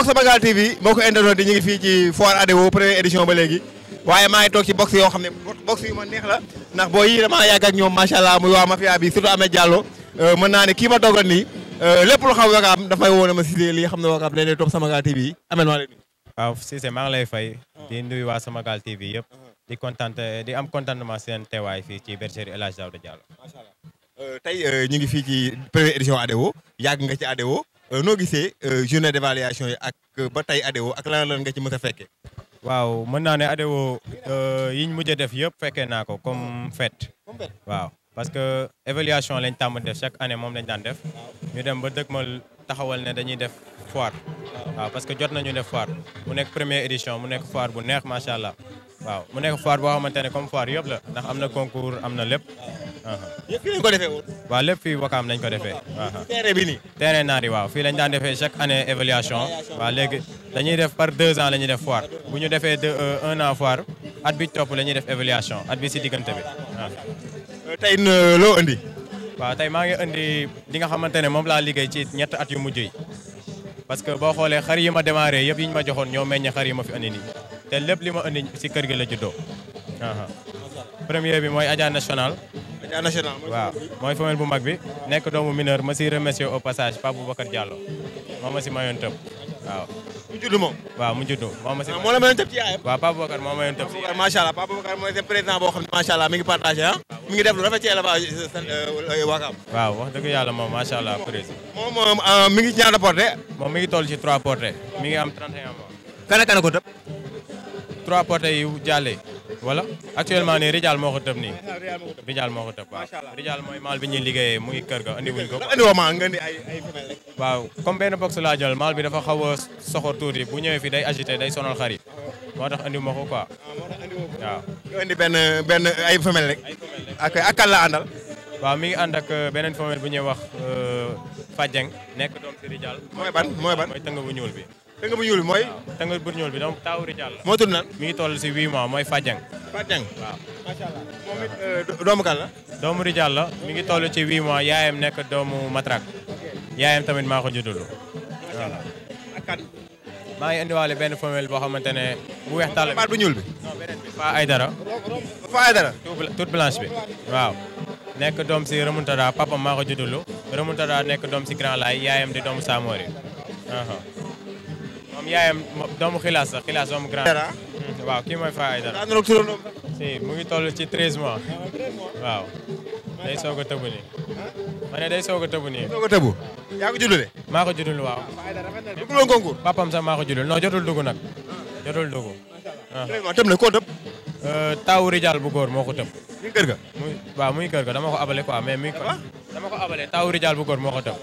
box Bagal TV mbokku internet yi ñu ngi fii ci foire ADEO première édition ba léegi waaye maa toog ci box yoo xam ne box yu ma neex la ndax boo yi damaa yàgg ak ñoom macha allah muy waa mafia bi surtout Ameth Diallo euh, mën naa ne kii ma nii euh, lépp lu xam Wakaam dafay woo ne ma li lii xam ne Wakaam day topp sama Bagal TV yi amel maa leen waaw ngi lay fay ah. di nuyu waa sama Bagal TV yëpp ah. di kontaan di am contentement seen teewaay fii ci bergerie El Hadj Daouda Diallo. macha allah euh, tey ñu ngi fii ci première édition yàgg nga ci ADEO Euh, noo gisee euh, journée d'évaluation yi ak euh, ba tey ADEO ak lan lan nga ci mën a waaw mën naa ne ADEO yi ñu mujj a def yëpp fekkee naa ko comme fête. waaw parce que évaluation lañ tàmm def chaque année moom ñu daan def. ñu dem ba ma taxawal ne dañuy def foire. waaw parce que jot nañu def foire mu nekk première édition mu nekk foire bu neex macha allah. waaw mu nekk foire boo xamante ne comme foire yëpp la ndax am na concours am na lépp. yëpp ko defee waaw lépp fii wakaam lañ ko defee. terrain bi nii. terrain naari waaw fii lañ daan defee chaque année évaluation. waaw léegi dañuy def par deux ans la ñuy def foire bu ñu defee deux euh, un an foire at bi topp la ñuy def évaluation at bi si diggante bi waaw. Euh, tey euh, loo indi. waaw tey maa ngi indi li nga xamante ne moom laa liggéey ci ñett at yu mujj yi parce que boo xoolee xar yi ma démarré yëpp yi ñu ma joxoon ñoo meññ xar yi ma fi indi nii te lépp li ma indi si kër gi la juddoo. premier bi moy Adja National. Adja National waaw moy femelle bu mag bi. nek doomu mineur ma si remercier au passage Pape bakkar Diallo moo ma si mayon tëb waaw. mu juddu mom waaw mu juddu moo ma si. Ah, mo la mayon tëb ci yaayam. waaw Pape bakkar mo mayon tëb si yaayam. macha allah Pape Boubacar mooy seen président bo xamni ne macha allah mi ngi partager ah. mi ngi def lu rafet ci élevage euh, Wakaam. waaw wax dëgg yàlla moom macha allah président. mom euh, mi ngi ñaar portée. mom mi ngi toll ci 3 portées. mi ngi am 31 mois. kan ak kan ko tëb. 3 portées yu jalle voilà actuellement nii Rijal moo ko tëb nii. Rijal moo ko tëb waaw. Rijal mooy mal bi ñuy liggéeyee muy kër ga andi wuñ ko. waaw comme benn box laa jël maal bi dafa xaw a soxor tuuti bu ñëwee fi day agité day sonal xar yi moo tax andi ma ko quoi. Ah, waaw. ñu indi benn benn ay femelle rek. ak ak kan la àndal. waaw mi ngi ànd ak euh, beneen femelle bu ñuy wax euh, Fajeng nekk doom si Rijal. mooy ban mooy ban mooy tënk bu ñuul bi dënga bunyul moy mooy. bunyul bu tahu bi dama taawu Rijal la. moo tudd nan mi ngi toll si 8 mois Fajang. Fajang waaw. macha allah moom it euh, doomu kan la. doomu Rijal la mi ngi toll ci 8 mois yaayam nekk doomu Matrak. yaayam tamit maa ko juddulu. macha allah ak kan. maa ngi indiwaale benn femelle boo xamante ne bu weex tàll bi baat bu ñuul bi. non beneen bi Faa Aydara. Faa Aydara. toute blanche bi waaw. nekk doom si Remontada papa maa ko juddulu. Remontada nekk doom si Grand Laye yaayam di doomu Samori. moom yaayam doomu xilaas la xilaas doomu grand. Mm-hmm. waaw kii mooy Faye Aïdara. si mu ngi toll ci 13 ah, mois. waaw. day soog a tëbu nii. Ah. ma ne day soog a tëbu nii. soog a tëbu. yaa ko juddule. maa ko juddul waaw. dugg loon concours. papam sax maa ko juddul non jotul dugg nag. Ah. jotul dugg. vraiment tëb na koo tëb. Euh, taawu Rijal bu góor moo ko tëb. muy kër ga. muy waaw muy kër ga dama ko abale quoi mais muy. dama ko abale taawu Rijal bu góor moo ko tëb.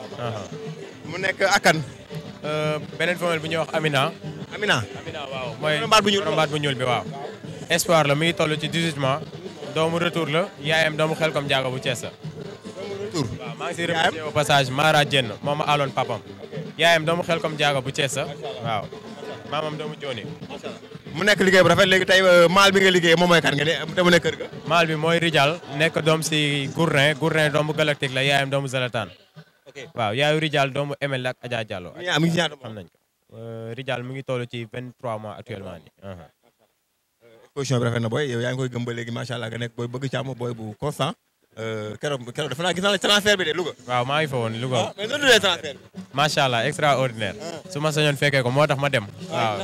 mu nekk akan. Euh, beneen femelle bi ñuy wax Amina. Amina waaw. mooy mbaat bu ñuul mbaat bu bi waaw. espoir la mi ngi toll ci 18 doomu retour la yaayam doomu xel comme jaaga bu Cees la. retour waaw maa ngi siy remercié au moom a aloon papam yaayam doomu xel comme jaaga bu Cees la waaw. maamam doomu jooni mu nekk liggéey bu rafet léegi tey euh, maal bi liggéey moom mooy kan nga ne dama ne kër ga. maal bi mooy Rijal nekk doom si Gourdin Gourdin doomu galactique la yaayam doomu Zalatan. waaw yaayu Rijal doomu Emel ak Adja Rijal mi ngi toll ci 23 mois actuellement nii. exposition bi rafet na booy yow yaa ngi koy gëm ba léegi macha allah nga nekk booy bëgg càmm booy bu constant. keroog keroog dafa naa gis naa la transfert bi de maa ngi fa woon extraordinaire. su ma sañoon fekkee ko moo tax ma dem. waaw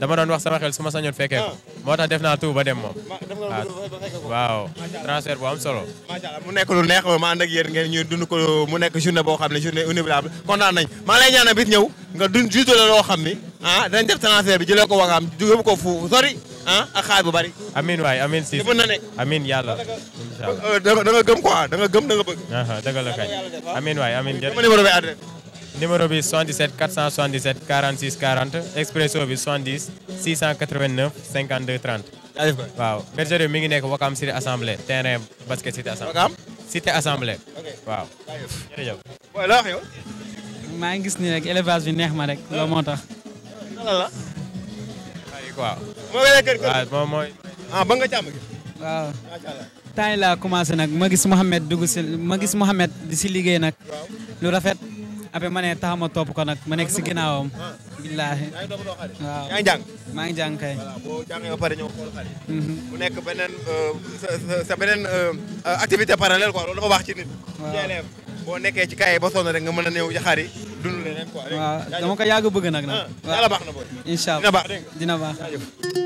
dama doon wax sama xel su ma sañoon fekkee moo tax def naa tout ba dem moom. waaw transfert bu am solo. macha mu nekk lu neex ma ànd ak yéen ngeen ñuy dund ko mu nekk journée boo xam ne journée inoubliable kontaan nañ maa lay ñaanal bit ñëw nga dund judo la loo xam ni ah danañ def bi jëlee ko waxaam yóbbu ko fu sori a ah, ak xaar bu bari. amiin waay amiin si mën na nekk yàlla. incha euh, da nga gëm quoi da nga gëm da nga bëgg. dëgg la kay ah. numéro bi 77 477 46 40 expresso bi 70 689 52 30. waaw bergerie mi ngi nekk Wakam cité assemblée terrain basket cité assemblée. Wakam cité assemblée. waaw jërëjëf. booy la wax maa ngi gis ni rek élevage bi neex ma rek loolu moo tax. la. Ah, ba nga càmm gi. waaw. temps yii laa commencé nag ma gis Mouhamed dugg si ma gis Mouhamed di si liggéey nag. lu rafet. après ma ne tax ma topp ko nag ma nekk si ginnaawam. billaahi waaw yaa ngi maa ngi jàng kay. voilà ba pare ñëw xool xale mhm. euh, sa sa beneen euh, activité parallèle quoi loolu dafa waaw boo nekkee ci kaye ba sonn mën a ñëw yaxaar yi dund leneen quoi. yàgg bëgg nag nag. waaw ah, yàlla baax dina baax.